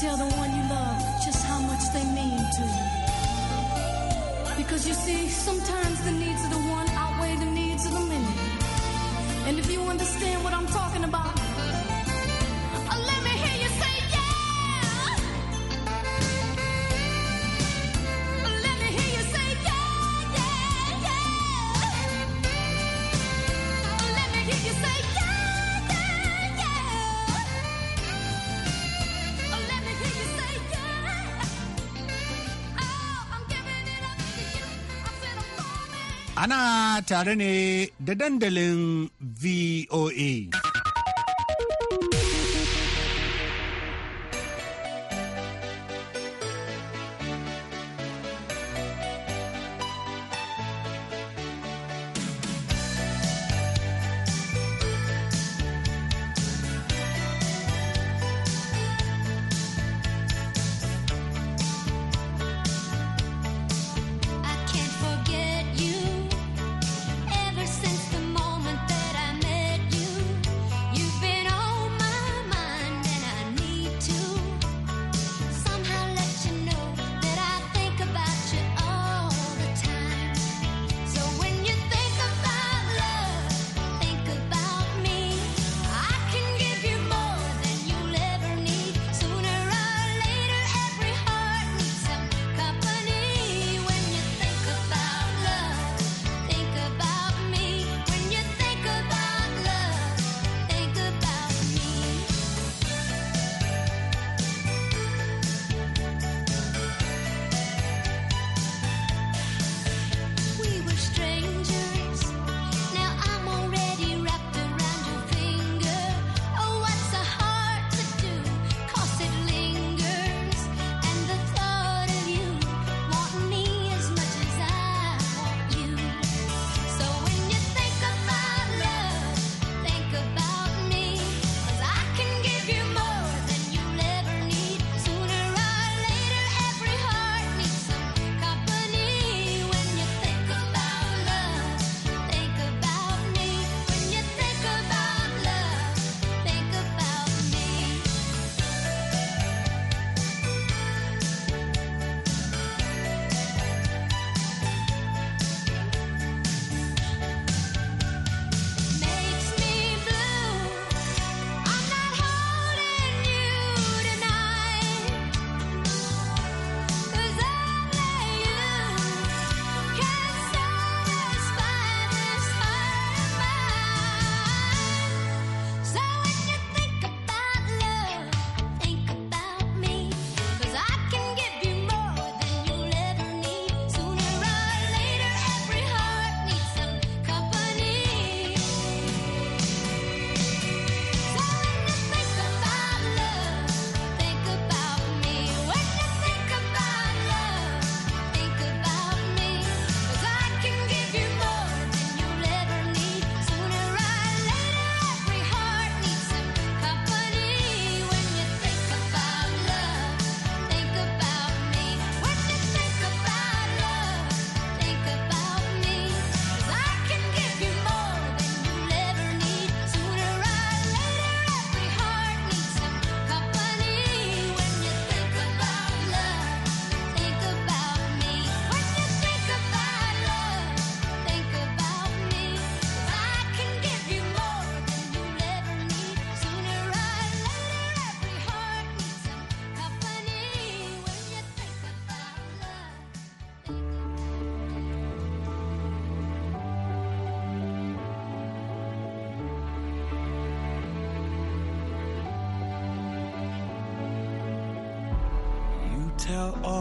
tell the one you love just how much they mean to you. Because you see, sometimes the needs of the one outweigh the needs of the many. And if you understand what I'm talking about, Ana tare ne da dandalin VOA.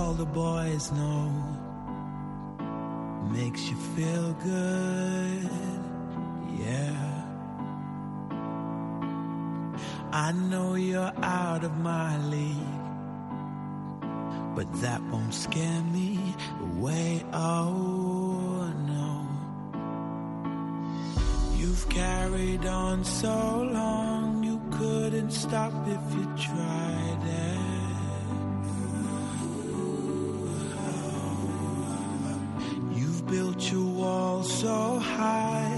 all the boys know makes you feel good. Yeah. I know you're out of my league, but that won't scare me away. Oh no. You've carried on so long, you couldn't stop if you tried it. so high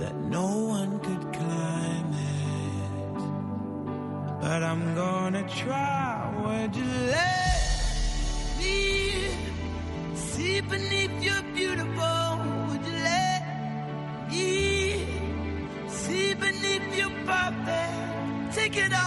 that no one could climb it. But I'm gonna try. Would you let me see beneath your beautiful? Would you let me see beneath your perfect? Take it off.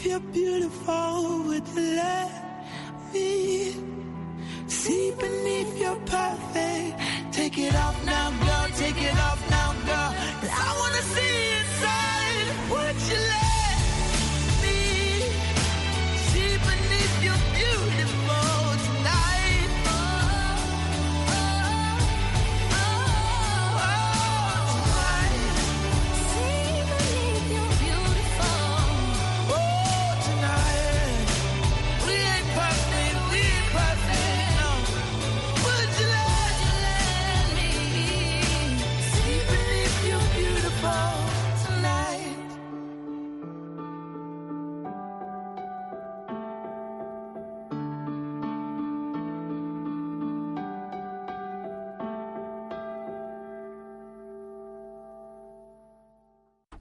If you're beautiful, would you let me see beneath your perfect? Take it off now, go.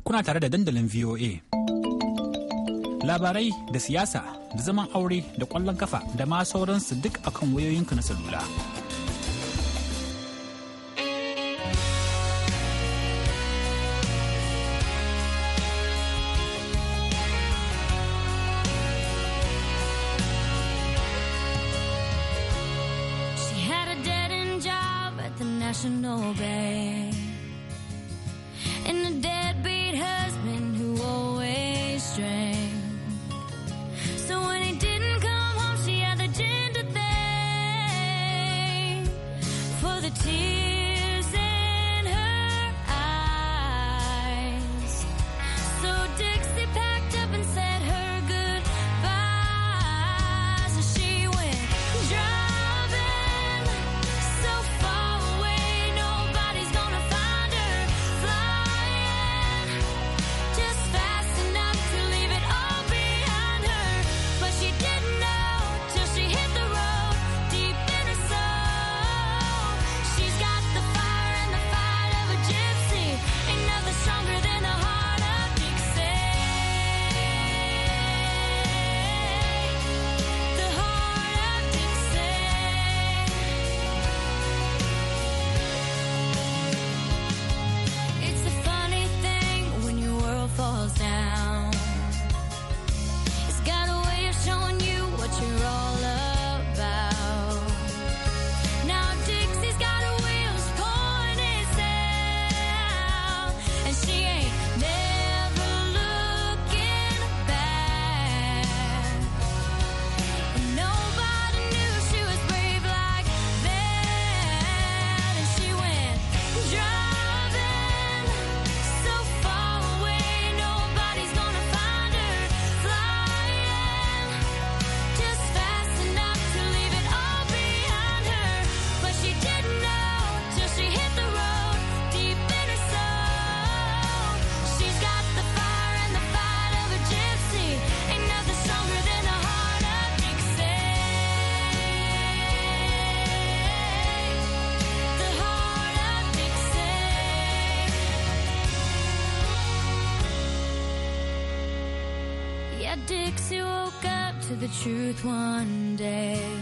kuna tare da dandalin VOA. Labarai da siyasa da zaman aure da kwallon kafa da ma sauransu duk akan wayoyinka na salula. truth one day.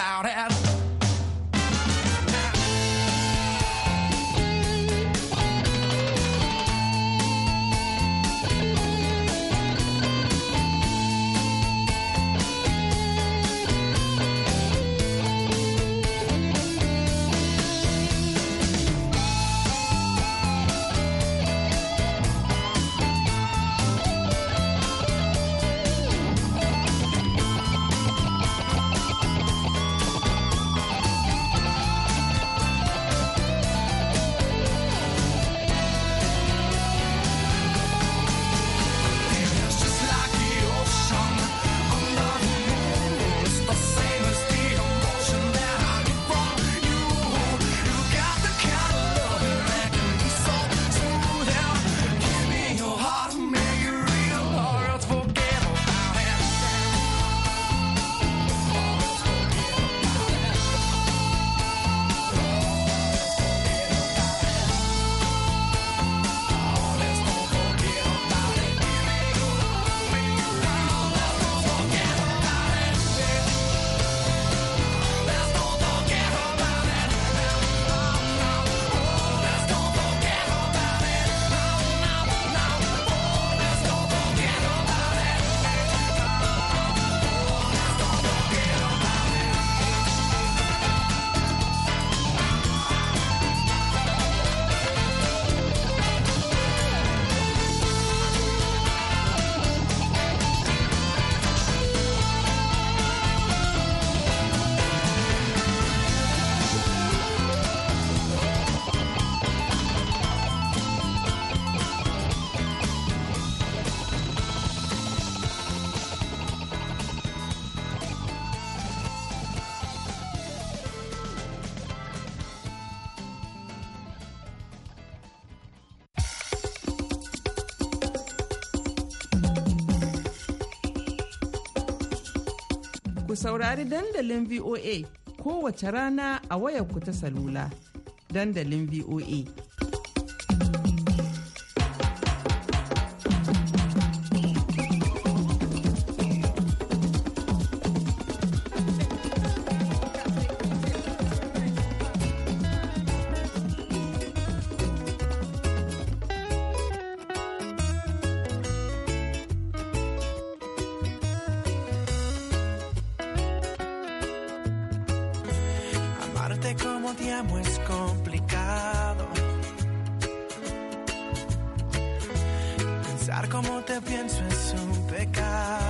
about it. saurari dandalin VOA kowace rana a wayarku ta salula. Dandalin VOA como te pienso es un pecado.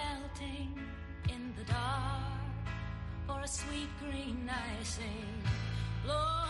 melting in the dark, or a sweet green icing. Blow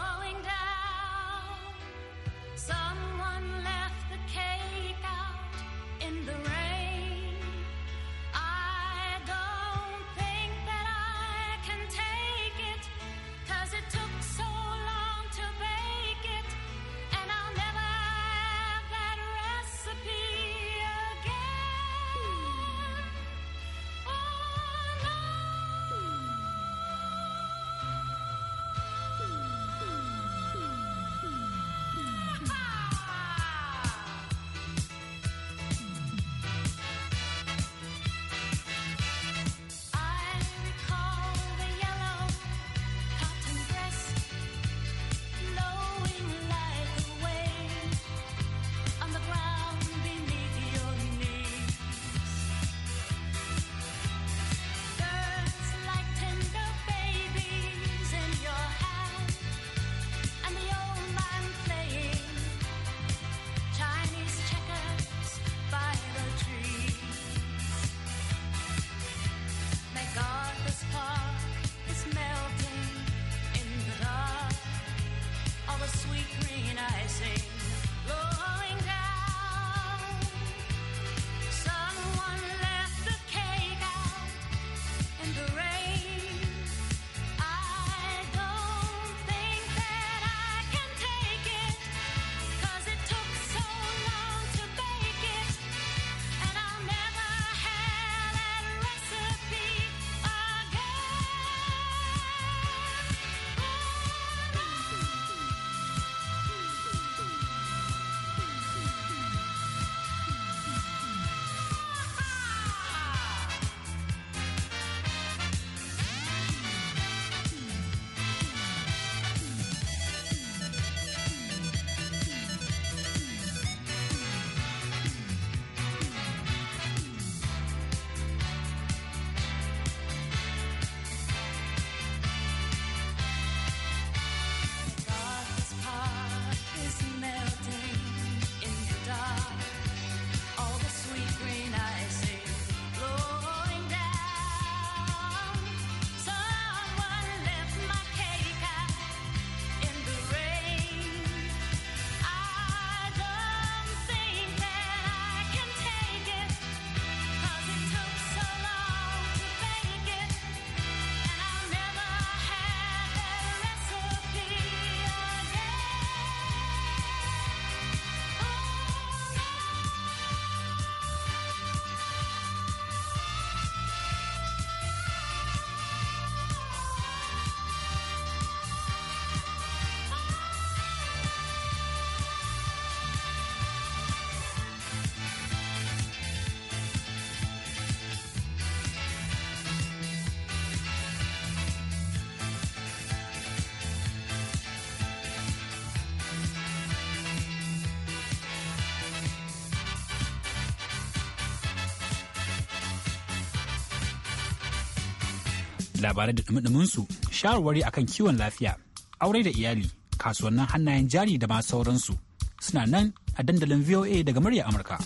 labarai da dumudumunsu shawarwari akan kiwon lafiya aure da iyali kasuwannin hannayen jari da ma sauransu suna nan a dandalin voa daga murya amurka